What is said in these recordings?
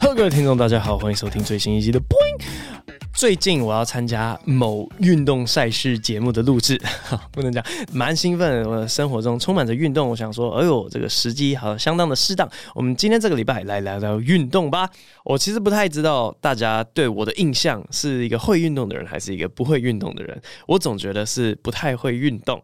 Hello，各位聽眾，大家好，歡迎收聽最新一集的博音。最近我要參加某運動賽事節目的錄製，不能講，蠻興奮。我的生活中充滿着運動，我想說，哎呦，這個時機好像相當的適當。我們今天這個禮拜來聊聊運動吧。我其實不太知道大家對我的印象是一個會運動的人，還是一個不會運動的人。我總覺得是不太會運動。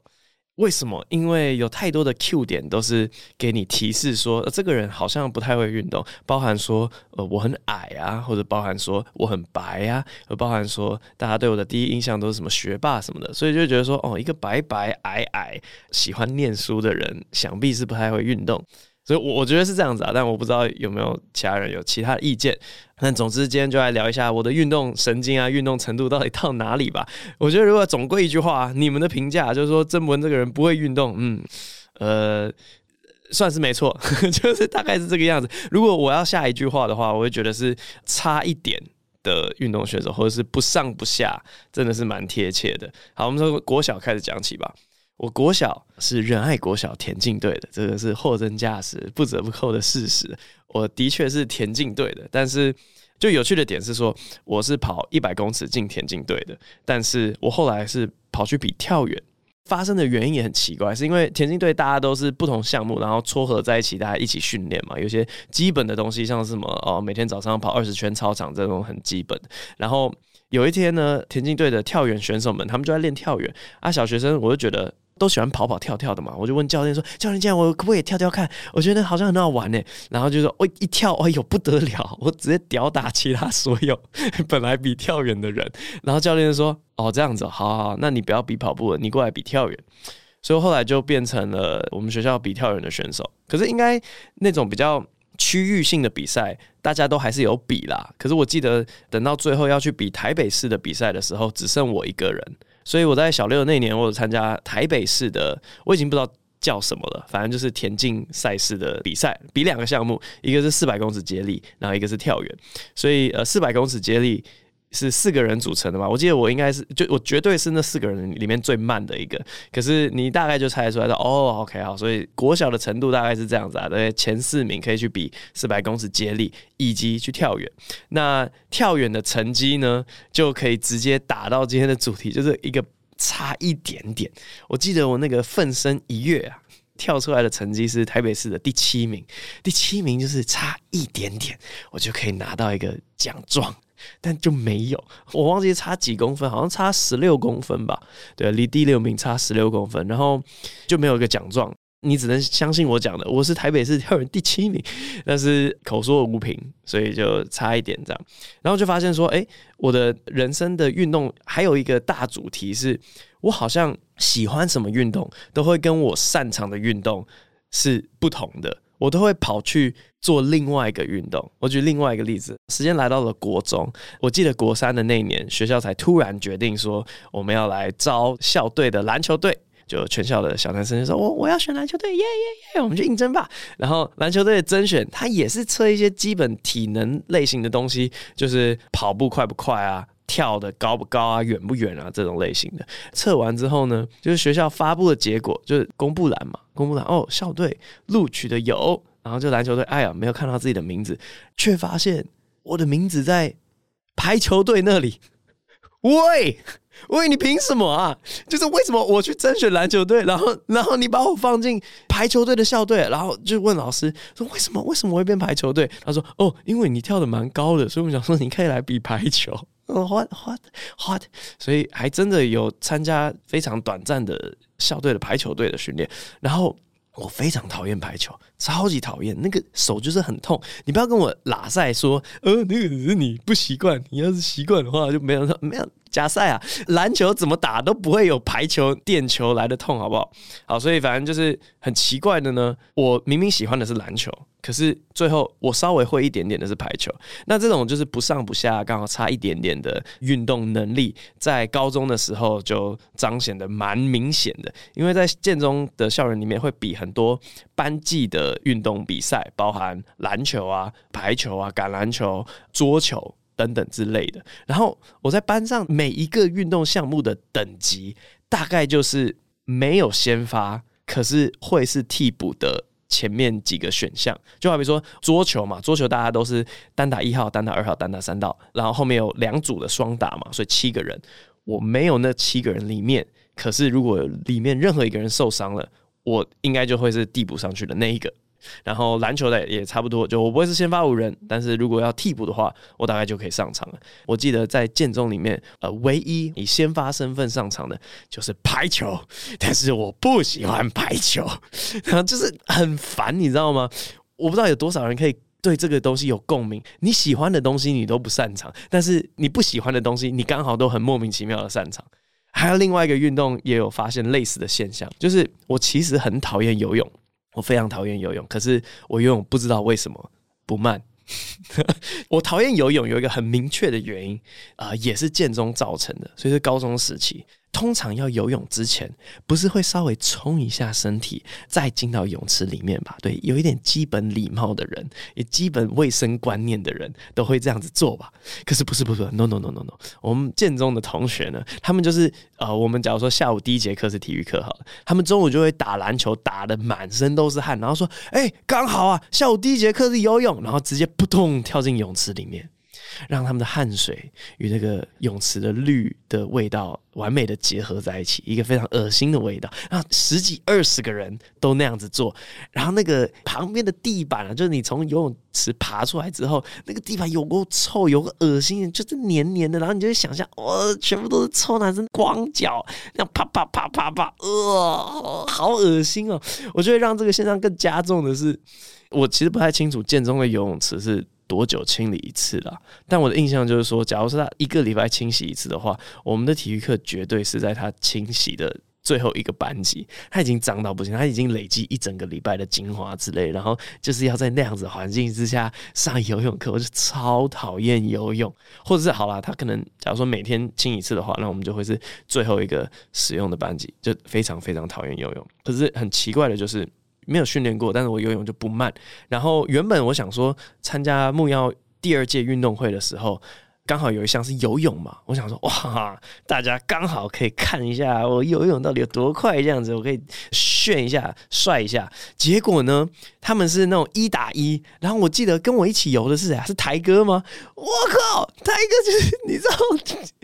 為什麼？因為有太多的 Q 點都是給你提示說，呃，這個人好像不太會運動，包含說，呃，我很矮啊，或者包含說我很白啊，和包含說大家對我的第一印象都是什麼學霸什麼的，所以就覺得說，哦，一個白白矮矮喜歡唸書的人，想必是不太會運動。所以，我我覺得是這樣子啊，但我不知道有沒有其他人有其他意見。但總之，今天就來聊一下我的運動神經啊，運動程度到底到哪裡吧。我覺得，如果總歸一句話，你們的評價就是說，曾文這個人不會運動，嗯，呃，算是沒錯，就是大概是這個樣子。如果我要下一句話的話，我會覺得是差一點的運動選手，或者是不上不下，真的是蠻貼切的。好，我們從國小開始講起吧。我國小是仁愛國小田徑隊的，這個是貨真價實、不折不扣的事實。我的確是田徑隊的，但是就有趣的點是說，我是跑一百公尺進田徑隊的，但是我後來是跑去比跳遠。發生的原因也很奇怪，是因為田徑隊大家都是不同項目，然後撮合在一起，大家一起訓練嘛。有些基本的東西，像什麼哦，每天早上跑二十圈操場這種很基本。然後有一天呢，田徑隊的跳遠選手們，他們就在練跳遠啊。小學生，我就覺得。都喜歡跑跑跳跳的嘛，我就問教練說：“教練，這樣我可不可以跳跳看？我覺得好像很好玩耶。”然後就說：“我一跳，哎呦不得了！我直接吊打其他所有本來比跳遠的人。”然後教練就說：“哦，這樣子，好好好，那你不要比跑步了，你過來比跳遠。”所以後來就變成了我們學校比跳遠的選手。可是應該那種比較區域性的比賽，大家都還是有比啦。可是我記得等到最後要去比台北市的比賽的時候，只剩我一個人。所以我在小六那年，我有參加台北市的，我已經不知道叫什麼了，反正就是田徑賽事的比賽，比兩個項目，一個是四百公尺接力，然後一個是跳遠。所以呃，四百公尺接力。是四個人組成的嘛？我記得我應該是，就我絕對是那四個人裡面最慢的一個。可是你大概就猜得出來，說哦，OK 好。所以國小的程度大概是這樣子啊。對，前四名可以去比四百公尺接力，以及去跳遠。那跳遠的成績呢，就可以直接打到今天的主題，就是一個差一點點。我記得我那個奮身一躍啊，跳出來的成績是台北市的第七名。第七名就是差一點點，我就可以拿到一個獎狀。但就沒有，我忘記差幾公分，好像差十六公分吧。對，離第六名差十六公分，然後就沒有一個獎狀，你只能相信我講的。我是台北市跳遠第七名，但是口說無憑，所以就差一點這樣。然後就發現說，欸，我的人生的運動還有一個大主題是，我好像喜歡什麼運動，都會跟我擅長的運動是不同的。我都會跑去做另外一個運動。我舉另外一個例子，時間來到了國中，我記得國三的那一年，學校才突然決定說我們要來招校隊的籃球隊，就全校的小男生就說我我要選籃球隊，耶耶耶，我們去應徵吧。然後籃球隊的甄選，它也是測一些基本體能類型的東西，就是跑步快不快啊。跳得高不高啊，遠不遠啊？這種類型的測完之後呢，就是學校發布的結果，就是公布欄嘛，公布欄哦，校隊錄取的有，然後就籃球隊，哎呀，沒有看到自己的名字，却發現我的名字在排球隊那裡。喂喂，你憑什麼啊？就是為什麼我去甄選籃球隊，然後然後你把我放進排球隊的校隊，然後就問老師說為什麼為什麼我會變排球隊？他說哦，因為你跳得蠻高的，所以我想說你可以來比排球。Oh, hot hot hot，所以還真的有參加非常短暫的校隊的排球隊的訓練。然後我非常討厭排球，超級討厭，那個手就是很痛。你不要跟我喇賽說，呃，那個只是你不習慣，你要是習慣的話就沒有沒有。加賽啊！籃球怎麼打都不會有排球墊球來的痛，好不好？好，所以反正就是很奇怪的呢。我明明喜歡的是籃球，可是最後我稍微會一點點的是排球。那這種就是不上不下，剛好差一點點的運動能力，在高中的時候就彰顯得蠻明顯的。因為在建中的校園裡面，會比很多班級的運動比賽，包含籃球啊、排球啊、橄欖球、桌球。等等之類的，然後我在班上每一個運動項目的等級大概就是沒有先發，可是會是替補的前面幾個選項。就好比說桌球嘛，桌球大家都是單打一號、單打二號、單打三號，然後後面有兩組的雙打嘛，所以七個人，我沒有那七個人裡面，可是如果裡面任何一個人受傷了，我應該就會是替補上去的那一個。然後籃球類也差不多，就我不會是先發五人，但是如果要替補的話，我大概就可以上場了。我記得在建中裡面，呃，唯一以先發身份上場的就是排球，但是我不喜歡排球，然後就是很煩，你知道嗎？我不知道有多少人可以對這個東西有共鳴。你喜歡的東西你都不擅長，但是你不喜歡的東西你剛好都很莫名其妙的擅長。還有另外一個運動也有發現類似的現象，就是我其實很討厭游泳。我非常討厭游泳，可是我游泳不知道為什麼不慢。 我討厭游泳有一個很明確的原因，啊、呃，也是建中造成的，所以是高中時期。通常要游泳之前，不是會稍微沖一下身體，再進到泳池裡面吧？對，有一點基本禮貌的人，也基本衛生觀念的人，都會這樣子做吧？可是不是，不是，no no no no no，我們建中的同學呢，他們就是呃，我們假如說下午第一節課是體育課哈，他們中午就會打籃球，打得滿身都是汗，然後說，哎、欸，剛好啊，下午第一節課是游泳，然後直接撲通跳進泳池裡面。讓他們的汗水與那個泳池的綠的味道完美的結合在一起，一個非常惡心的味道。然後十幾二十個人都那樣子做，然後那個旁邊的地板啊，就是你從游泳池爬出來之後，那個地板有夠臭，有個惡心，就是黏黏的。然後你就會想象，哇，全部都是臭男生光腳那樣啪啪啪啪啪，啪，哇、呃，好惡心哦！我覺得讓這個現象更加重的是，我其實不太清楚建中的游泳池是。多久清理一次啦？但我的印象就是說，假如說他一個禮拜清洗一次的話，我們的體育課絕對是在他清洗的最後一個班級，他已經髒到不行，他已經累積一整個禮拜的精華之類，然後就是要在那樣子環境之下上游泳課，我就超討厭游泳。或者是好啦，他可能假如說每天清一次的話，那我們就會是最後一個使用的班級，就非常非常討厭游泳。可是很奇怪的就是。沒有訓練過，但是我游泳就不慢。然後原本我想說，參加木曜第二屆運動會的時候，剛好有一項是游泳嘛，我想說哇，大家剛好可以看一下我游泳到底有多快，這樣子我可以炫一下、帥一下。結果呢，他們是那種一打一，然後我記得跟我一起游的是誰、啊？是台哥嗎？我靠，台哥就是你知道。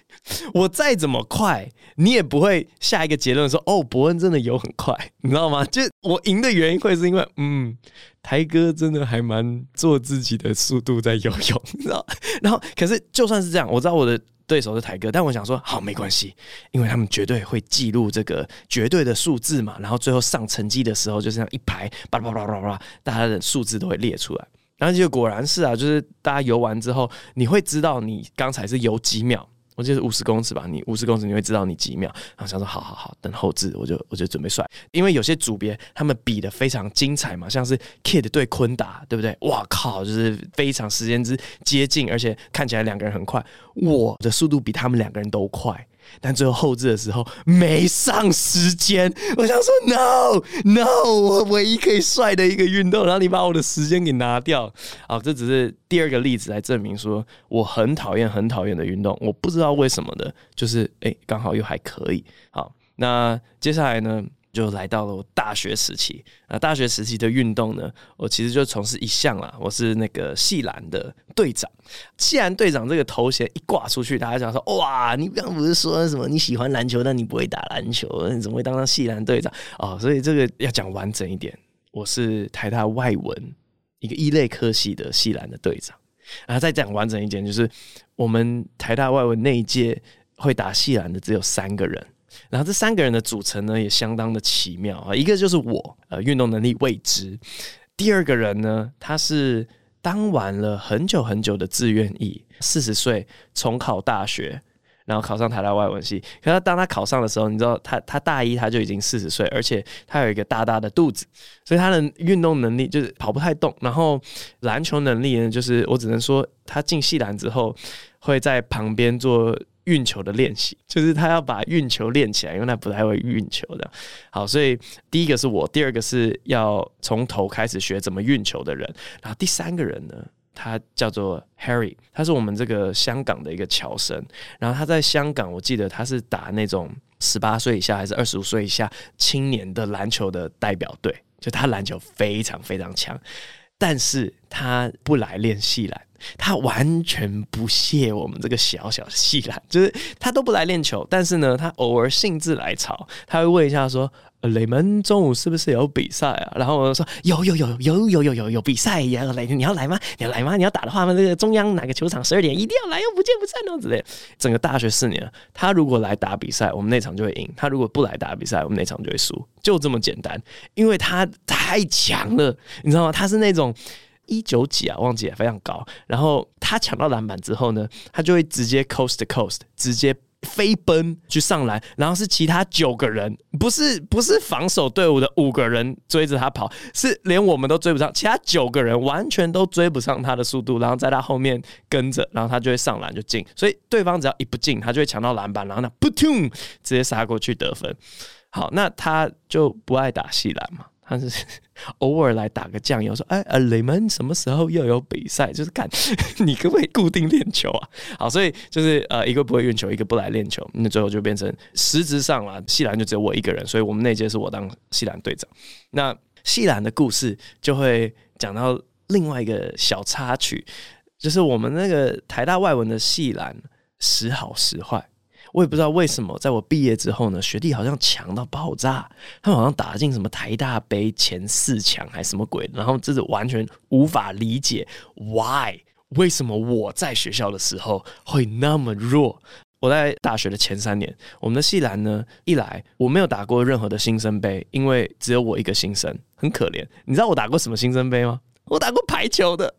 我再怎麼快，你也不會下一個結論說哦，伯恩真的游很快，你知道嗎？就是、我贏的原因會是因為，嗯，台哥真的還蠻做自己的速度在游泳，你知道？然後可是就算是這樣，我知道我的對手是台哥，但我想說，好，沒關係，因為他們絕對會記錄這個絕對的數字嘛。然後最後上成績的時候，就是這樣一排巴拉巴拉巴拉，大家的數字都會列出來。然後就果然是啊，就是大家游完之後，你會知道你剛才是游幾秒。我記得五十公尺吧，你五十公尺你會知道你幾秒，然後想說好好好，等後置，我就我就準備甩，因為有些組別他們比的非常精彩嘛，像是 Kid 對坤達，對不對？哇靠，就是非常時間之接近，而且看起來兩個人很快，我的速度比他們兩個人都快。但最後後製的時候沒上時間，我想說 no no，我唯一可以帥的一個運動，然後你把我的時間給拿掉。好，這只是第二個例子來證明說我很討厭很討厭的運動，我不知道為什麼的，就是哎，剛好又還可以。好，那接下來呢？就來到了大學時期啊！大學時期的運動呢，我其實就從事一項啦。我是那個系籃的隊長。系籃隊長這個頭銜一掛出去，大家講說：“哇，你剛剛不是說什麼你喜歡籃球，但你不會打籃球，你怎麼會當上系籃隊長？”哦，所以這個要講完整一點，我是台大外文一個一類科系的系籃的隊長啊。然後再講完整一點，就是我們台大外文那一屆會打系籃的只有三個人。然後這三個人的組成呢，也相當的奇妙啊！一個就是我，呃，運動能力未知；第二個人呢，他是當完了很久很久的志願役，四十歲重考大學，然後考上台大外文系。可是他當他考上的時候，你知道他，他他大一他就已經四十歲，而且他有一個大大的肚子，所以他的運動能力就是跑不太動。然後籃球能力呢，就是我只能說，他進系籃之後會在旁邊坐運球的練習，就是他要把運球練起來，因為他不太會運球的。好，所以第一個是我，第二個是要從頭開始學怎麼運球的人，然後第三個人呢，他叫做 Harry，他是我們這個香港的一個僑生，然後他在香港，我記得他是打那種十八歲以下還是二十五歲以下青年的籃球的代表隊，就他籃球非常非常強，但是他不來練習來。他完全不屑我們這個小小系籃，就是他都不來練球，但是呢，他偶爾興緻來潮，他會問一下說：“呃、你們中午是不是有比賽啊？”然後我就說：“有有有有有有有有，有，有，有比賽呀！來，你要來嗎？你要來嗎？你要打的話那，這個中央哪個球場十二點一定要來，又不見不散哦之類。”整個大學四年，他如果來打比賽，我們那場就會贏；他如果不來打比賽，我們那場就會輸，就這麼簡單。因為他太強了，你知道嗎？他是那種。一九幾啊？忘記，非常高。然後他搶到籃板之後呢，他就會直接 coast to coast，直接飛奔去上籃。然後是其他九個人，不是不是防守隊伍的五個人追着他跑，是連我們都追不上。其他九個人完全都追不上他的速度，然後在他後面跟着，然後他就會上籃就進。所以對方只要一不進，他就會搶到籃板，然後那撲通直接殺過去得分。好，那他就不愛打系籃嘛？但是偶爾來打個醬油，說哎呃，你們什麼時候又有比賽？就是看你可不可以固定練球啊？好，所以就是呃，一個不會運球，一個不來練球，那最後就變成實質上啦，系籃就只有我一個人，所以我們那屆是我當系籃隊長。那系籃的故事就會講到另外一個小插曲，就是我們那個台大外文的系籃，時好時壞。我也不知道為什麼，在我畢業之後呢，學弟好像強到爆炸，他們好像打進什麼台大杯前四強還是什麼鬼，然後就是完全無法理解，Why？為什麼我在學校的時候會那麼弱？我在大學的前三年，我們的系籃呢，一來我沒有打過任何的新生杯，因為只有我一個新生，很可憐。你知道我打過什麼新生杯嗎？我打過排球的。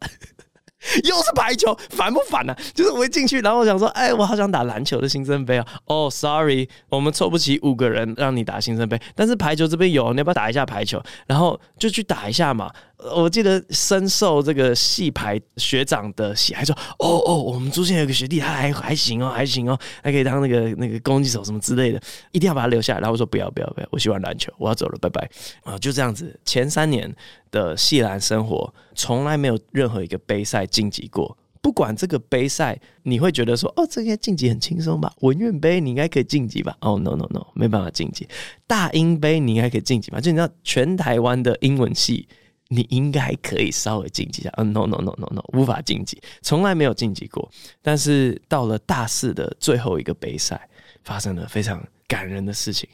又是排球，煩不煩呢、啊？就是我一進去，然後我想說，哎、欸，我好想打籃球的新生杯啊。哦、oh,，sorry，我們湊不齊五個人讓你打新生杯，但是排球這邊有，你要不要打一下排球？然後就去打一下嘛。我記得深受這個系排學長的喜愛，說：“哦哦，我們之前有個學弟，他還還行哦，還行哦，還可以當那個那個攻擊手什麼之類的，一定要把他留下來。”然後我說不：“不要不要不要，我喜歡籃球，我要走了，拜拜。哦”啊，就這樣子，前三年的系籃生活，從來沒有任何一個杯賽晉級過。不管這個杯賽，你會覺得說：“哦，這個應該晉級很輕鬆吧？文院杯你應該可以晉級吧？”哦、oh，，no no no，沒辦法晉級。大英杯你應該可以晉級吧？就你知道，全台灣的英文系。你應該可以稍微晉級一下，嗯，oh, no, no, no, no, no, no，無法晉級，從來沒有晉級過。但是到了大四的最後一個杯賽，發生了非常感人的事情。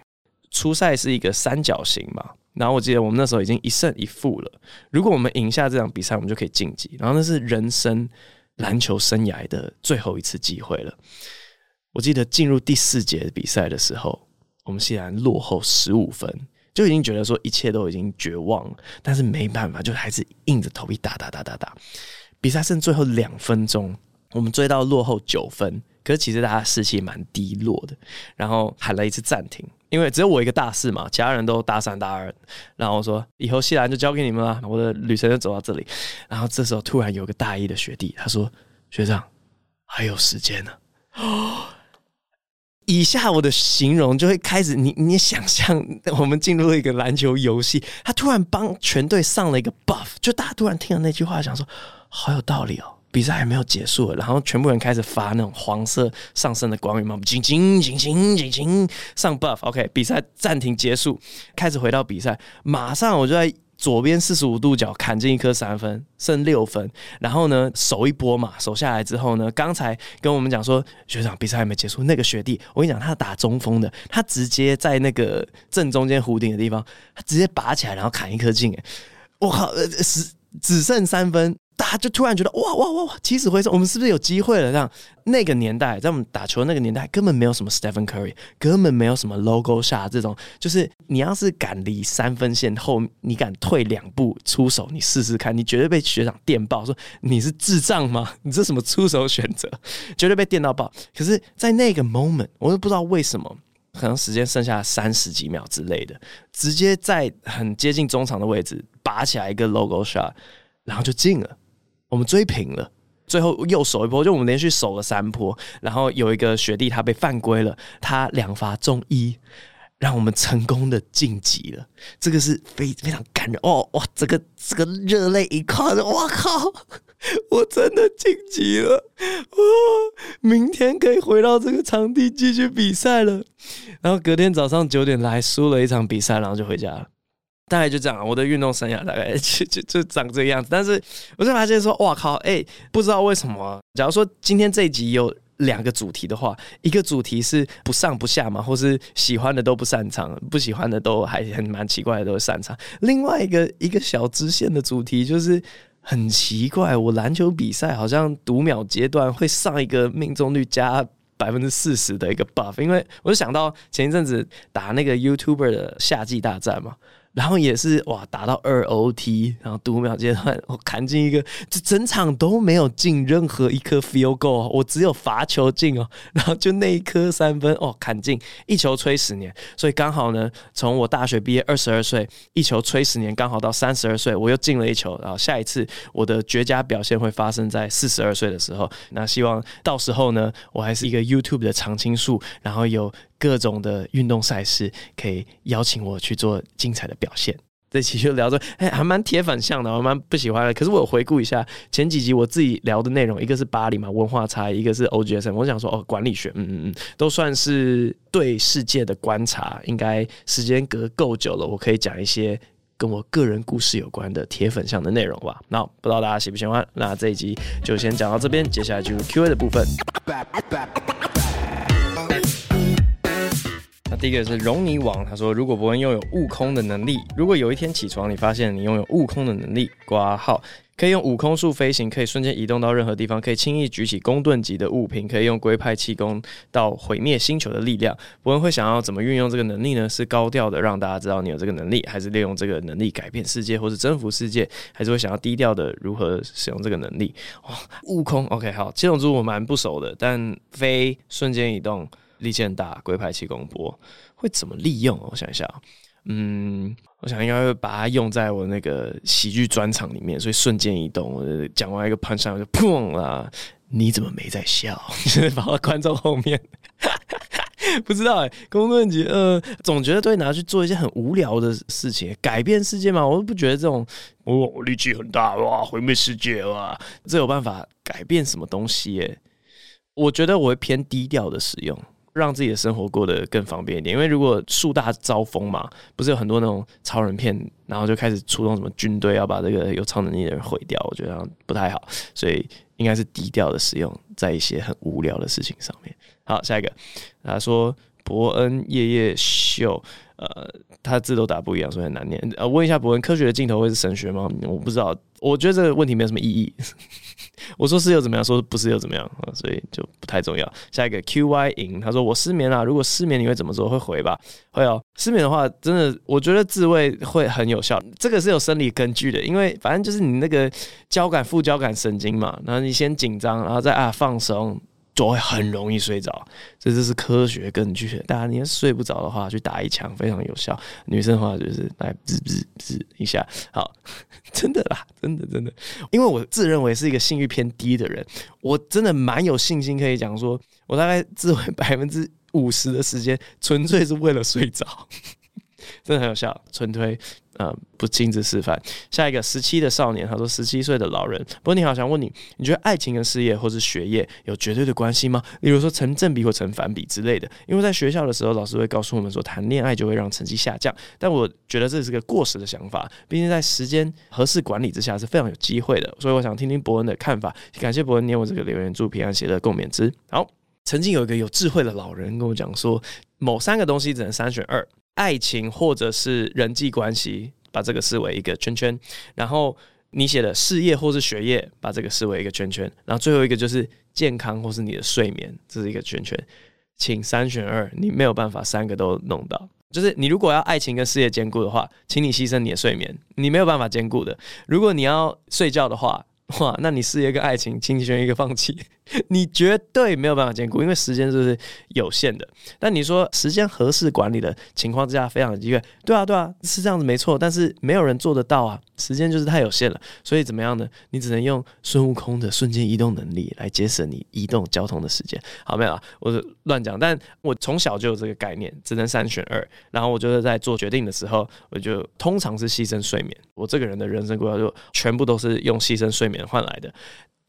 初賽是一個三角形嘛，然後我記得我們那時候已經一勝一負了。如果我們贏下這場比賽，我們就可以晉級。然後那是人生籃球生涯的最後一次機會了。我記得進入第四節比賽的時候，我們竟然落後十五分。就已經覺得說一切都已經絕望了，但是沒辦法，就還是硬着頭皮打打打打打。比賽剩最後兩分鐘，我們追到落後九分，可是其實大家士氣蠻低落的。然後喊了一次暫停，因為只有我一個大四嘛，其他人都大三大二。然後我說：“以後系籃就交給你們了，我的旅程就走到這裡。”然後這時候突然有個大一的學弟，他說：“學長，還有時間呢、啊。哦”以下我的形容就會開始，你你想象，我們進入了一個籃球遊戲，他突然幫全隊上了一個 buff，就大家突然聽到那句話想說，好有道理哦，比賽還沒有結束，然後全部人開始發那種黃色上升的光暈嘛，我們緊緊緊緊緊緊上 buff，OK，OK，比賽暫停結束，開始回到比賽，馬上我就在。左邊四十五度角砍進一顆三分，剩六分。然後呢，守一波嘛，守下來之後呢，剛才跟我們講說，學長比賽還沒結束，那個學弟，我跟你講，他打中鋒的，他直接在那個正中間弧頂的地方，他直接拔起來然後砍一顆進，我靠，呃，只只剩三分。大家就突然覺得哇哇哇哇，起死回生，我們是不是有機會了這樣？那個年代，在我們打球那個年代，根本沒有什麼 Stephen Curry，根本沒有什麼 Logo shot 這種。就是你要是敢離三分線後，你敢退兩步出手，你試試看，你絕對被學長電爆，說你是智障嗎？你這什麼出手選擇？絕對被電到爆。可是，在那個 moment，我都不知道為什麼，可能時間剩下三十幾秒之類的，直接在很接近中場的位置拔起來一個 Logo shot，然後就進了。我們追平了，最後又守一波，就我們連續守了三波，然後有一個學弟他被犯規了，他兩罰中一，讓我們成功的晉級了。這個是非非常感人哦，哇，這個這個熱淚盈眶，我靠，我真的晉級了，哦，明天可以回到這個場地繼續比賽了。然後隔天早上九點來輸了一場比賽，然後就回家了。大概就這樣，我的運動生涯大概就就就長這個樣子。但是，我就發現說，哇靠，哎、欸，不知道為什麼、啊。假如說今天這一集有兩個主題的話，一個主題是不上不下嘛，或是喜歡的都不擅長，不喜歡的都還很蠻奇怪的都擅長。另外一個一個小支線的主題就是很奇怪，我籃球比賽好像讀秒階段會上一個命中率加百分之四十的一個 buff。因為我就想到前一陣子打那個 YouTuber 的夏季大戰嘛。然後也是哇，打到二 OT，然後讀秒階段，我、哦、砍進一個，這整場都沒有進任何一顆 field goal，我只有罰球進哦，然後就那一顆三分哦，砍進一球，吹十年，所以剛好呢，從我大學畢業二十二歲，一球吹十年，剛好到三十二歲，我又進了一球，然後下一次我的絕佳表現會發生在四十二歲的時候，那希望到時候呢，我還是一個 YouTube 的常青樹，然後有。各種的運動賽事可以邀請我去做精彩的表現。這期就聊着哎、欸，還蠻鐵粉向的，我蠻不喜歡的。可是我回顧一下前幾集我自己聊的內容，一個是巴黎嘛文化差異，一個是 O G S M。我想說，哦，管理學，嗯嗯嗯，都算是對世界的觀察。應該時間隔夠久了，我可以講一些跟我個人故事有關的鐵粉向的內容吧。那不知道大家喜不喜歡？那這一集就先講到這邊，接下來就是 Q A 的部分。那第一個是容你王，他說：“如果博恩擁有悟空的能力，如果有一天起床，你發現你擁有悟空的能力，括號可以用悟空術飛行，可以瞬間移動到任何地方，可以輕易舉起公噸級的物品，可以用龜派氣功到毀滅星球的力量。博恩會想要怎麼運用這個能力呢？是高調的讓大家知道你有這個能力，還是利用這個能力改變世界或是征服世界？還是會想要低調的如何使用這個能力？哇、哦，悟空，OK，好，七龍珠我蠻不熟的，但飛瞬間移動。”力氣很大，龜派氣功波會怎麼利用？我想一下，嗯，我想應該會把它用在我那個喜劇專場裡面，所以瞬間移動，講完一個盤上我就砰啦、啊，你怎麼沒在笑？現 在跑到觀眾後面， 不知道、欸。宮問題嗯，總覺得都會拿去做一些很無聊的事情，改變世界嘛？我都不覺得這種。我、哦、力氣很大哇，毀滅世界哇，這有辦法改變什麼東西、欸？哎，我覺得我會偏低調的使用。讓自己的生活過得更方便一點，因為如果樹大招風嘛，不是有很多那種超人片，然後就開始出動什麼軍隊要把這個有超能力的人毀掉，我覺得不太好，所以應該是低調的使用在一些很無聊的事情上面。好，下一個，他說博恩夜夜秀。呃，他字都打不一樣，所以很難念。呃，問一下博文，科學的盡頭會是神學嗎？我不知道，我覺得這個問題沒有什麼意義。 我說是又怎麼樣？說不是又怎麼樣，啊？所以就不太重要。下一個 QY 銀，in, 他說我失眠了，啊，如果失眠你會怎麼做？會回吧？會哦。失眠的話，真的我覺得自慰會很有效，這個是有生理根據的，因為反正就是你那個交感副交感神經嘛，然後你先緊張，然後再啊放鬆。就會很容易睡着這就是科學根據，大家你要睡不着的話，去打一槍非常有效。女生的話就是來滋滋滋一下，好，真的啦，真的真的。因為我自認為是一個性欲偏低的人，我真的蠻有信心可以講說，我大概自慰百分之五十的時間，純粹是為了睡着，呵呵，真的很有效，純推。呃，不親自示範。下一個十七的少年，他說十七歲的老人。不過，你好想問你，你覺得愛情跟事業或是學業有絕對的關係嗎？例如說成正比或成反比之類的。因為在學校的時候，老師會告訴我們說，談戀愛就會讓成績下降。但我覺得這是個過時的想法，畢竟在時間合適管理之下是非常有機會的。所以，我想聽聽博恩的看法。感謝博恩，念我這個留言，祝平安喜樂，共勉之。好，曾經有一個有智慧的老人跟我講說，某三個東西只能三選二。愛情或者是人際關係，把這個視為一個圈圈；然後你寫的事業或是學業，把這個視為一個圈圈；然後最後一個就是健康或是你的睡眠，這是一個圈圈。請三選二，你沒有辦法三個都弄到。就是你如果要愛情跟事業兼顧的話，請你犧牲你的睡眠，你沒有辦法兼顧的。如果你要睡覺的話，哇，那你事業跟愛情，請你選一個放棄。 你絕對沒有辦法兼顧，因為時間就是有限的。但你說時間合適管理的情況之下，非常有機會。對啊，對啊，是這樣子，沒錯。但是沒有人做得到啊，時間就是太有限了。所以怎麼樣呢？你只能用孫悟空的瞬間移動能力來節省你移動交通的時間。好沒有啊？我是亂講，但我從小就有這個概念，只能三選二。然後我就在做決定的時候，我就通常是犧牲睡眠。我這個人的人生規劃就全部都是用犧牲睡眠換來的。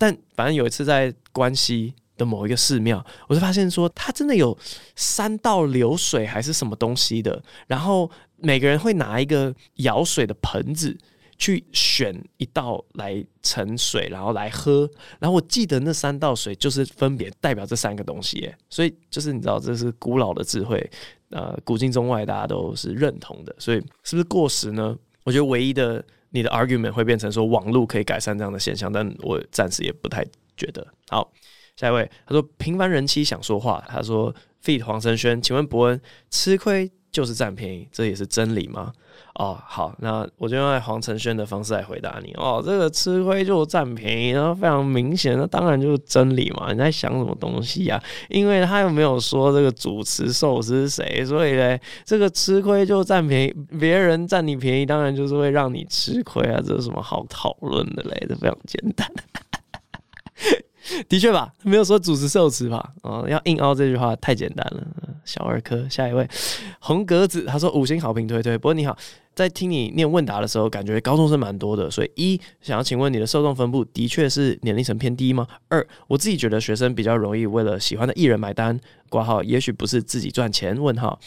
但反正有一次在關西的某一個寺廟，我就發現說，它真的有三道流水還是什麼東西的，然後每個人會拿一個舀水的盆子，去選一道來盛水，然後來喝。然後我記得那三道水就是分別代表這三個東西耶，所以就是你知道這是古老的智慧，呃，古今中外大家都是認同的，所以是不是過時呢？我覺得唯一的。你的 argument 會變成說網絡可以改善這樣的現象，但我暫時也不太覺得。好，下一位，他說平凡人妻想說話，他說 feed 黃生軒，請問博恩吃虧？就是佔便宜，這也是真理嗎？哦，好，那我就用黃承軒的方式來回答你哦。這個吃虧就佔便宜，然後非常明顯，那當然就是真理嘛。你在想什麼東西呀、啊？因為他又沒有說這個主持壽是誰，所以嘞，這個吃虧就佔便宜，別人佔你便宜，當然就是會讓你吃虧啊。這有什麼好討論的嘞？這非常簡單。 的確吧，沒有說主持受詞吧？嗯、哦，要硬凹這句話太簡單了，小兒科。下一位紅格子，他說五星好評推推。不過你好，在聽你念問答的時候，感覺高中生蠻多的，所以一，想要請問你的受眾分布的確是年齡層偏低嗎？二，我自己覺得學生比較容易為了喜歡的藝人買單括號，也許不是自己賺錢。問號，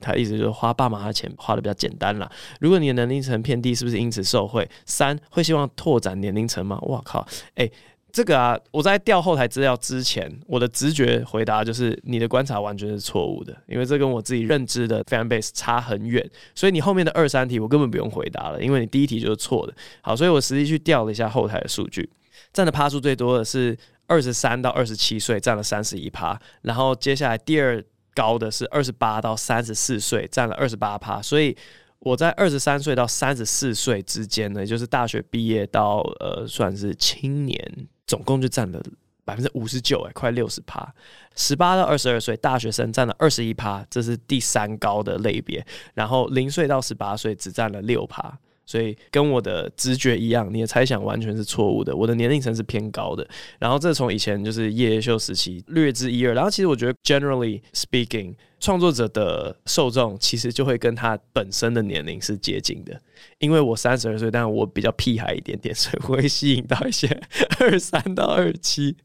他意思就是花爸媽的錢，花的比較簡單啦。如果你的年齡層偏低，是不是因此受惠？三，會希望拓展年齡層嗎？哇靠，誒、欸。這個啊，我在調後台資料之前，我的直覺回答就是你的觀察完全是錯誤的，因為這跟我自己認知的 fan base 差很遠，所以你後面的二三題我根本不用回答了，因為你第一題就是錯的。好，所以我實際去調了一下後台的數據，佔的趴數最多的是二十三到二十七歲，佔了三十一趴，然後接下來第二高的是二十八到三十四歲，佔了二十八趴，所以。我在二十三歲到三十四歲之間呢，也就是大學畢業到呃，算是青年，總共就占了百分之五十九，哎、欸，快六十趴。十八到二十二歲大學生占了二十一趴，這是第三高的類別。然後零歲到十八歲只占了六趴，所以跟我的直覺一樣，你的猜想完全是錯誤的。我的年齡層是偏高的。然後這從以前就是夜夜秀時期略知一二。然後其實我覺得，generally speaking。創作者的受眾其實就會跟他本身的年齡是接近的，因為我三十二歲，但我比較屁孩一點點，所以我會吸引到一些二三到二七，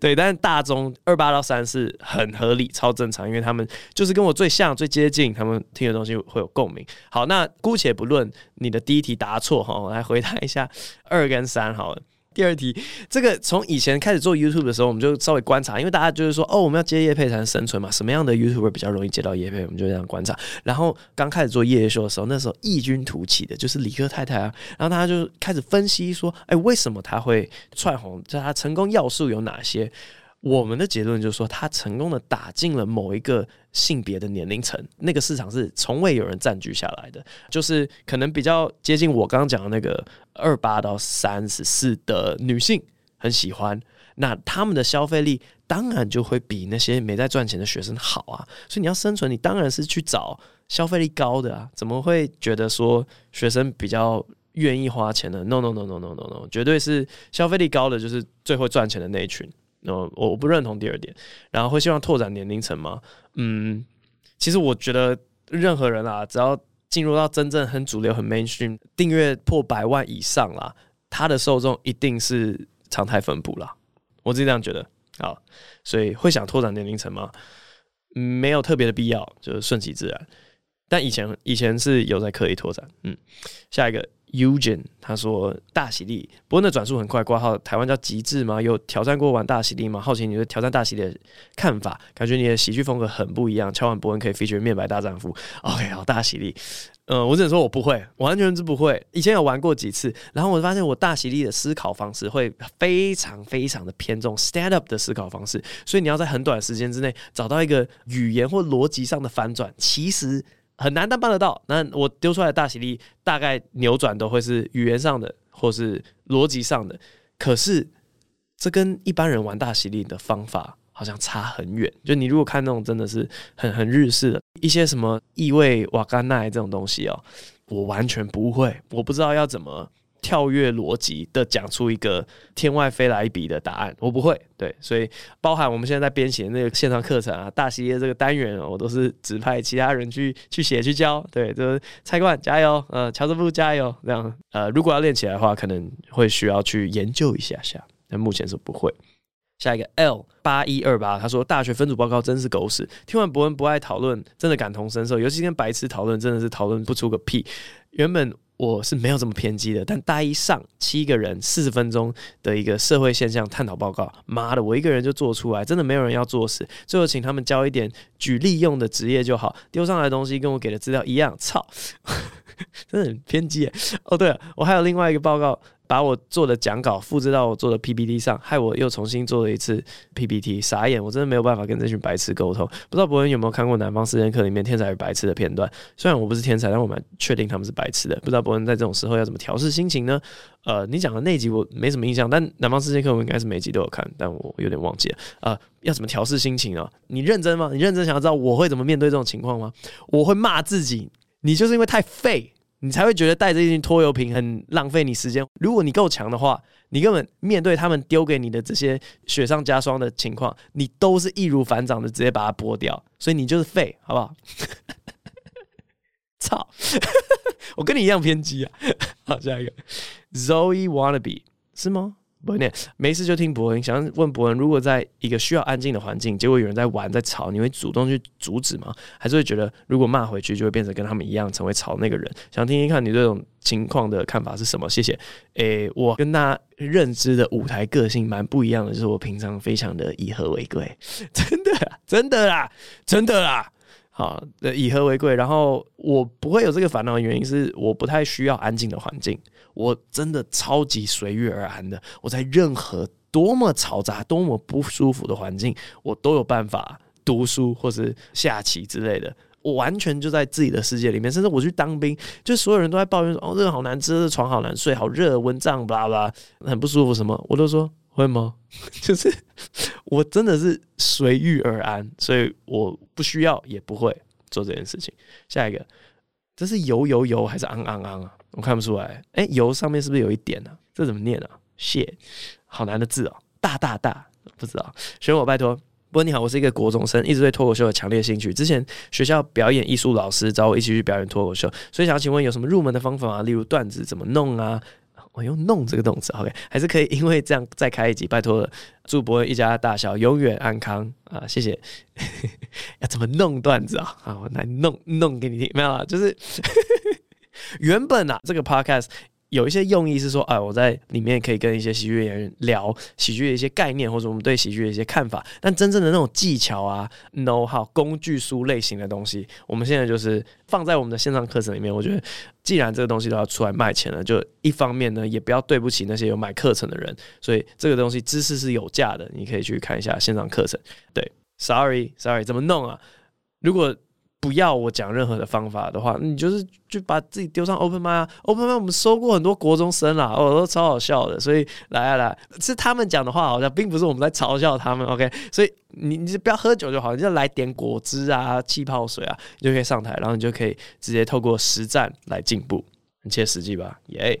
對，但是大宗二八到三四很合理、超正常，因為他們就是跟我最像、最接近，他們聽的東西會有共鳴。好，那姑且不論你的第一題答錯哈，我來回答一下二跟三好了。第二題，這個從以前開始做 YouTube 的時候，我們就稍微觀察，因為大家就是說，哦，我們要接業配才能生存嘛，什麼樣的 YouTuber 比較容易接到業配，我們就這樣觀察。然後剛開始做夜夜秀的時候，那時候異軍突起的，就是理科太太啊，然後大家就開始分析說，哎，為什麼他會竄紅？就是他成功要素有哪些？我們的結論就是說，他成功的打進了某一個性別的年齡層，那個市場是從未有人占據下來的。就是可能比較接近我剛剛講的那個二八到三十四的女性很喜歡，那他們的消費力當然就會比那些沒在賺錢的學生好啊。所以你要生存，你當然是去找消費力高的啊。怎麼會覺得說學生比較願意花錢呢？No, No No No No No No No，絕對是消費力高的就是最會賺錢的那一群。那我、哦、我不認同第二點，然後會希望拓展年齡層嗎？嗯，其實我覺得任何人啊，只要進入到真正很主流、很 mainstream，訂閱破百萬以上啦，他的受眾一定是常態分布啦。我自己這樣覺得啊，所以會想拓展年齡層嗎？嗯、沒有特別的必要，就是順其自然。但以前以前是有在刻意拓展，嗯，下一個。Ugen，他說大喜利，伯恩的轉速很快，掛號台灣叫極致嘛？有挑戰過玩大喜利嗎？好奇你的挑戰大喜利看法，感覺你的喜劇風格很不一樣。敲完伯恩可以 feature 面白大丈夫，OK，好，大喜利。嗯、呃，我只能說，我不會，完全是不會。以前有玩過幾次，然後我發現我大喜利的思考方式會非常非常的偏重 stand up 的思考方式，所以你要在很短的時間之內找到一個語言或邏輯上的反轉，其實。很難但辦得到。那我丟出來的大喜利大概扭轉都會是語言上的，或是邏輯上的。可是這跟一般人玩大喜利的方法好像差很遠。就你如果看那種真的是很很日式的，一些什麼異味瓦甘奈這種東西哦、喔，我完全不會，我不知道要怎麼。跳躍邏輯的講出一個天外飛來一筆的答案，我不會，對，所以包含我們現在在編寫那個線上課程啊，大系列這個單元，我都是指派其他人去去寫去教，對，就是蔡冠加油，嗯、呃，喬治布加油，這樣，呃，如果要練起來的話，可能會需要去研究一下下，但目前是不會。下一個 L 八一二八，他說大學分組報告真是狗屎，聽完博恩不愛討論，真的感同身受，尤其跟白痴討論，真的是討論不出個屁，原本。我是沒有這麼偏激的，但大一上七個人四十分鐘的一個社會現象探討報告，媽的，我一個人就做出來，真的沒有人要做事，最後請他們交一點舉例用的職業就好，丟上來的東西跟我給的資料一樣，操，呵呵，真的很偏激耶。哦對了，我還有另外一個報告。把我做的講稿複製到我做的 PPT 上，害我又重新做了一次 PPT，傻眼！我真的沒有辦法跟這群白痴溝通。不知道博恩有沒有看過《南方四賤客》裡面天才與白痴的片段？雖然我不是天才，但我蠻確定他們是白痴的。不知道博恩在這種時候要怎麼調適心情呢？呃，你講的那集我沒什麼印象，但《南方四賤客》我應該是每集都有看，但我有點忘記了。啊、呃，要怎麼調適心情啊？你認真嗎？你認真想要知道我會怎麼面對這種情況嗎？我會罵自己，你就是因為太廢。你才會覺得帶着一件拖油瓶很浪費你時間。如果你夠強的話，你根本面對他們丟給你的這些雪上加霜的情況，你都是易如反掌的，直接把它剝掉。所以你就是廢，好不好？ 操！ 我跟你一樣偏激啊！好，下一個，Zoe Wannabe 是嗎？博恩，沒事就聽博恩。想問博恩，如果在一個需要安靜的環境，結果有人在玩在吵，你會主動去阻止嗎？還是會覺得如果罵回去，就會變成跟他們一樣，成為吵那個人？想聽聽看你這種情況的看法是什麼？謝謝。誒、欸，我跟大家認知的舞台個性蠻不一樣的，就是我平常非常的以和為貴，真的，真的啊，真的啊。啊，以和為貴。然後我不會有這個煩惱的原因是，我不太需要安靜的環境。我真的超級隨遇而安的。我在任何多麼嘈雜、多麼不舒服的環境，我都有辦法讀書或是下棋之類的。我完全就在自己的世界裡面。甚至我去當兵，就所有人都在抱怨說：“哦，這個好難吃，這個、床好難睡，好熱，蚊帳，巴拉巴拉，很不舒服什麼。”我都說。會嗎？ 就是我真的是隨遇而安，所以我不需要也不會做這件事情。下一個，這是油油油還是昂昂昂啊？我看不出來。哎，油上面是不是有一點呢、啊？這怎麼念呢、啊？謝，好難的字哦！大大大，不知道。選我拜託。不過你好，我是一個國中生，一直對脫口秀有強烈興趣。之前學校表演藝術老師找我一起去表演脫口秀，所以想請問有什麼入門的方法啊？例如段子怎麼弄啊？我、哦、用“弄”這個動詞，OK，還是可以，因為這樣再開一集，拜託了，祝博一家大小永遠安康啊！謝謝。 要怎麼弄段子啊？啊，我來弄弄給你聽，沒有啊？就是 原本啊，這個 Podcast。有一些用意是說，哎、呃，我在裡面可以跟一些喜劇演員聊喜劇的一些概念，或者我們對喜劇的一些看法。但真正的那種技巧啊，know-how，工具書類型的東西，我們現在就是放在我們的線上課程裡面。我覺得，既然這個東西都要出來賣錢了，就一方面呢，也不要對不起那些有買課程的人。所以這個東西知識是有價的，你可以去看一下線上課程。對，Sorry，Sorry，sorry, 怎麼弄啊？如果不要我講任何的方法的話，你就是就把自己丟上 Open mic 啊，Open mic 我們收過很多國中生啦，我、哦、都超好笑的，所以來來、啊、來，是他們講的話，好像並不是我們在嘲笑他們，OK？所以你你就不要喝酒就好，你就來點果汁啊、氣泡水啊，你就可以上台，然後你就可以直接透過實戰來進步，很切實際吧？耶、yeah！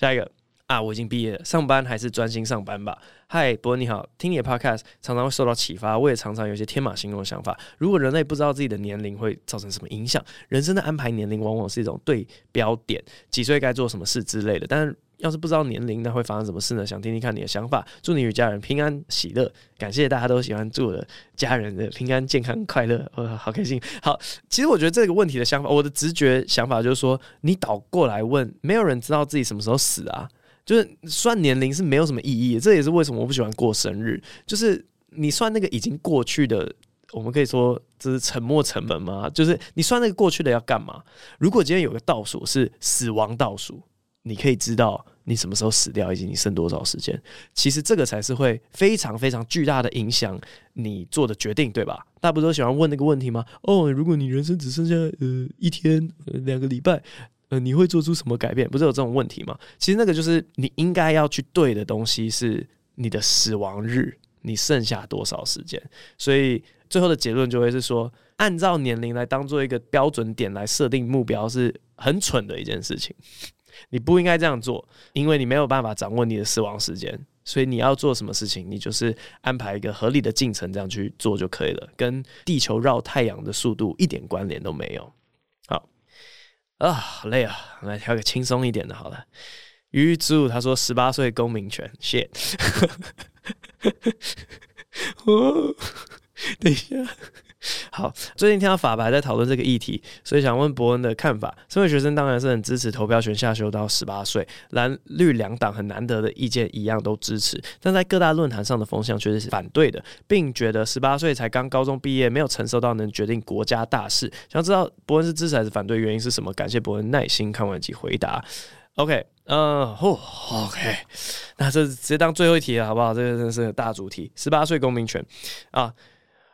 下一個啊，我已經畢業了，上班還是專心上班吧。嗨，博恩你好，聽你的 podcast 常常會受到啟發，我也常常有一些天馬行空的想法。如果人類不知道自己的年齡會造成什麼影響，人生的安排年齡往往是一種對標點，幾歲該做什麼事之類的。但是要是不知道年齡，那會發生什麼事呢？想聽聽看你的想法。祝你與家人平安喜樂，感謝大家都喜歡祝我的家人的平安、健康、快樂。哦，我好開心。好，其實我覺得這個問題的想法，我的直覺想法就是說，你倒過來問，沒有人知道自己什麼時候死啊。就是算年齡是沒有什麼意義的，這也是為什麼我不喜歡過生日。就是你算那個已經過去的，我們可以說這是沉沒成本嗎？就是你算那個過去的要幹嘛？如果今天有個倒數是死亡倒數，你可以知道你什麼時候死掉以及你剩多少時間。其實這個才是會非常非常巨大的影響你做的決定，對吧？大家不都喜歡問那個問題嗎？哦，如果你人生只剩下呃一天、呃、兩個禮拜。呃，你會做出什麼改變？不是有這種問題嗎？其實那個就是你應該要去對的東西是你的死亡日，你剩下多少時間？所以最後的結論就會是說，按照年齡來當做一個標準點來設定目標是很蠢的一件事情。你不應該這樣做，因為你沒有辦法掌握你的死亡時間，所以你要做什麼事情，你就是安排一個合理的進程這樣去做就可以了，跟地球繞太陽的速度一點關聯都沒有。啊，好、哦、累啊、哦！我們來挑個輕鬆一點的，好了。魚主他說十八歲公民權 shit 哦， 等一下。好，最近聽到法白在討論這個議題，所以想問博恩的看法。身為學生當然是很支持投票權下修到十八歲，藍綠兩黨很難得的意見一樣都支持。但在各大論壇上的風向確實是反對的，並覺得十八歲才剛高中畢業，沒有承受到能決定國家大事。想知道博恩是支持還是反對，原因是什麼？感謝博恩耐心看完及回答。OK，嗯、呃，哦，OK，那這直接當最後一題了，好不好？這個真的是大主題，十八歲公民權啊。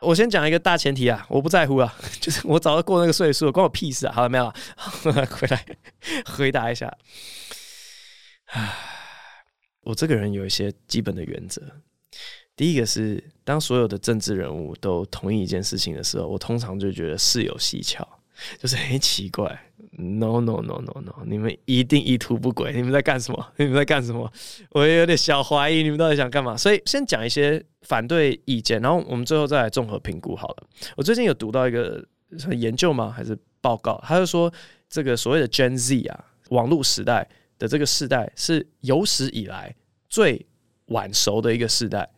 我先講一個大前提啊，我不在乎啊，就是我早就過那個歲數了，關我屁事啊！好了沒有？啊。回來回答一下。唉，我這個人有一些基本的原則。第一個是，當所有的政治人物都同意一件事情的時候，我通常就覺得事有蹊蹺。就是很、欸、奇怪 no，no no no no no，你們一定意圖不軌，你們在幹什麼？你們在幹什麼？我也有點小懷疑你們到底想幹嘛。所以先講一些反對意見，然後我們最後再來綜合評估好了。我最近有讀到一個研究嗎？還是報告？他就說這個所謂的 Gen Z 啊，網絡時代的這個世代是有史以來最晚熟的一個世代。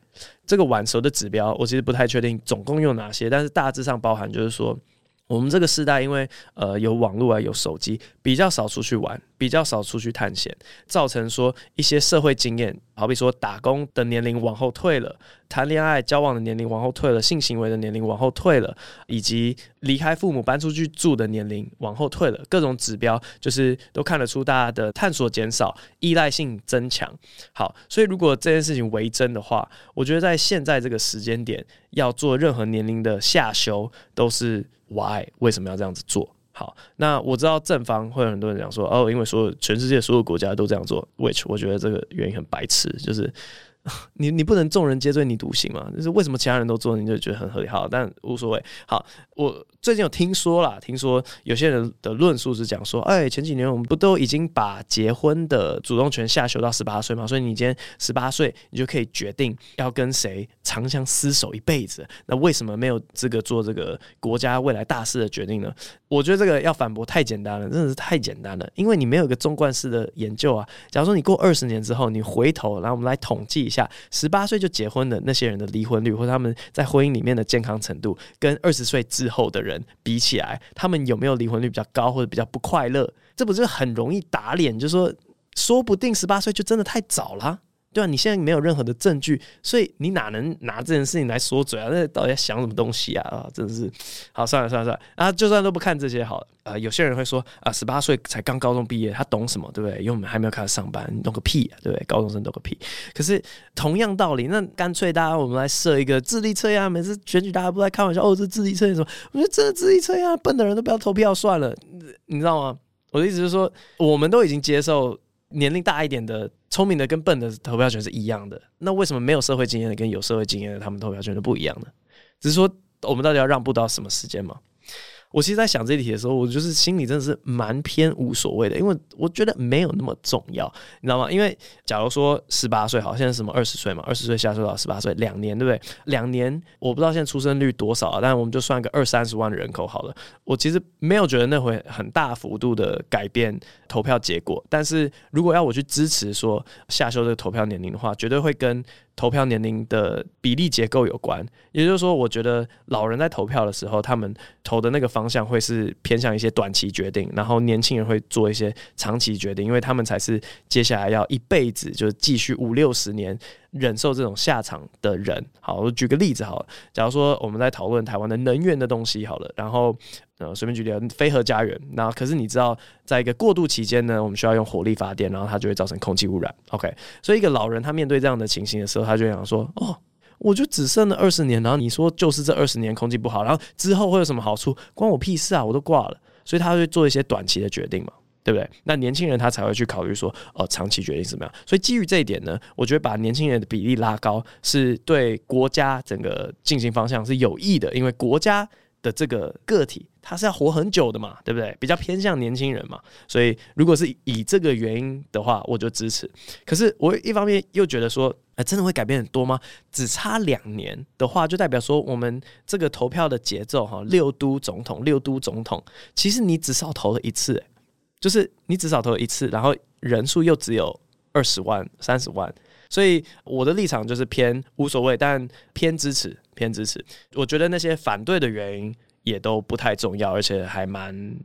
這個晚熟的指標我其實不太確定，總共有哪些？但是大致上包含就是說。我們這個時代，因為呃有網絡啊，有手機，比較少出去玩，比較少出去探險，造成說一些社會經驗，好比說打工的年齡往後退了，談戀愛交往的年齡往後退了，性行為的年齡往後退了，以及離開父母搬出去住的年齡往後退了，各種指標就是都看得出大家的探索減少，依賴性增強。好，所以如果這件事情為真的話，我覺得在現在這個時間點要做任何年齡的下修都是。Why 為什麼要這樣子做？好，那我知道正方會有很多人講說哦，因為所有全世界所有國家都這樣做，which 我覺得這個原因很白痴，就是你你不能眾人皆醉你獨醒嘛。就是為什麼其他人都做，你就覺得很合理，好，但無所謂。好，我最近有聽說啦，聽說有些人的論述是講說，哎、欸，前幾年我們不都已經把結婚的主動權下修到十八歲嘛，所以你今天十八歲，你就可以決定要跟誰。長相廝守一輩子，那為什麼沒有資格做這個國家未來大事的決定呢？我覺得這個要反駁太簡單了，真的是太簡單了，因為你沒有一個縱貫式的研究啊。假如說你過二十年之後，你回頭來，然後我們來統計一下，十八歲就結婚的那些人的離婚率，或者他們在婚姻裡面的健康程度，跟二十歲之後的人比起來，他們有沒有離婚率比較高，或者比較不快樂？這不是很容易打臉，就說說不定十八歲就真的太早了啊。對啊，你現在沒有任何的證據，所以你哪能拿這件事情來說嘴啊？那到底在想什麼東西啊？啊真的是好，算了算了算了啊！就算都不看這些好了，呃，有些人會說啊，十八歲才剛高中畢業，他懂什麼？對不對？因為我們還沒有開始上班，你懂個屁啊？對不對？高中生懂個屁。可是同樣道理，那乾脆大家我們來設一個智力測驗，啊，每次選舉大家不在開玩笑哦，這智力測驗什麼？我覺得這智力測驗，啊、笨的人都不要投票算了你，你知道嗎？我的意思就是說，我們都已經接受。年齡大一點的聰明的跟笨的投票權是一樣的，那為什麼沒有社會經驗的跟有社會經驗的他們投票權就不一樣呢？只是說我們到底要讓步到什麼時間嗎？我其實，在想這一題的時候，我就是心裡真的是蠻偏無所謂的，因為我覺得沒有那麼重要，你知道嗎？因為假如說十八歲好，現在是什麼二十歲嘛，二十歲下修到十八歲，兩年對不對？兩年，我不知道現在出生率多少啊，但我們就算一個二三十萬的人口好了。我其實沒有覺得那會很大幅度的改變投票結果，但是如果要我去支持說下修這個投票年齡的話，絕對會跟。投票年齡的比例結構有關，也就是說，我覺得老人在投票的時候，他們投的那個方向會是偏向一些短期決定，然後年輕人會做一些長期決定，因為他們才是接下來要一輩子就是繼續五六十年忍受這種下場的人。好，我舉個例子，好了，假如說我們在討論台灣的能源的東西，好了，然後，呃，隨便舉例，非核家園。那可是你知道，在一個過渡期間呢，我們需要用火力發電，然後它就會造成空氣污染。OK，所以一個老人他面對這樣的情形的時候，他就會想說：“哦，我就只剩了二十年，然後你說就是這二十年空氣不好，然後之後會有什麼好處？關我屁事啊！我都掛了。”所以他會做一些短期的決定嘛，對不對？那年輕人他才會去考慮說：“哦、呃，長期決定是怎麼樣？”所以基於這一點呢，我覺得把年輕人的比例拉高是對國家整個進行方向是有益的，因為國家的這個個體。他是要活很久的嘛，對不對？比較偏向年輕人嘛，所以如果是以這個原因的話，我就支持。可是我一方面又覺得說，哎、呃，真的會改變很多嗎？只差兩年的話，就代表說我們這個投票的節奏哈、哦，六都總統，六都總統，其實你至少投了一次，就是你至少投了一次，然後人數又只有二十萬、三十萬，所以我的立場就是偏無所謂，但偏支持，偏支持。我覺得那些反對的原因，也都不太重要，而且還蠻、嗯、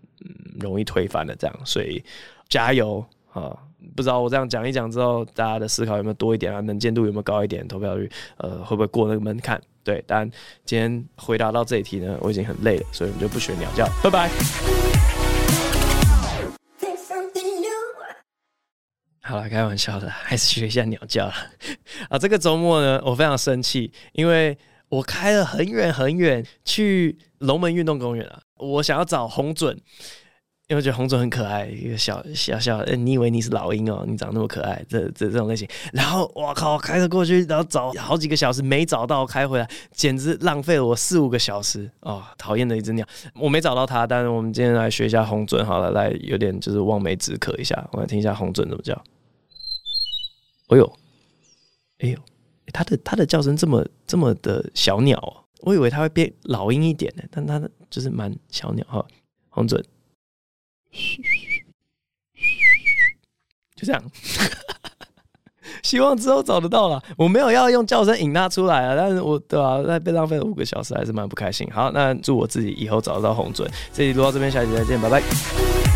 容易推翻的這樣，所以加油啊！不知道我這樣講一講之後，大家的思考有沒有多一點啊？能見度有沒有高一點？投票率呃會不會過那個門檻？對，但今天回答到這一題呢，我已經很累了，所以我們就不學鳥叫，拜拜。 好了，開玩笑的，還是學一下鳥叫了 啊！這個週末呢，我非常生氣，因為。我開了很遠很遠去龍門運動公園了。我想要找紅隼，因為我覺得紅隼很可愛，一個小小小，你以為你是老鷹哦？你長那麼可愛，這這這種類型。然後我靠，開了過去，然後找好幾個小時沒找到，開回來簡直浪費了我四五個小時哦，討厭的一隻鳥，我沒找到它。但是我們今天來學一下紅隼，好了，來有點就是望梅止渴一下，我來聽一下紅隼怎麼叫。哎呦，哎呦。他的他的叫聲這麼這麼的小鳥哦、喔，我以為他會變老鷹一點呢、欸，但他的就是蠻小鳥哈、喔。紅隼就這樣， 希望之後找得到了。我沒有要用叫聲引他出來啊，但是我對吧、啊？那被浪費了五個小時，還是蠻不開心。好，那祝我自己以後找得到紅隼。這一集錄到這邊，下一集再見，拜拜。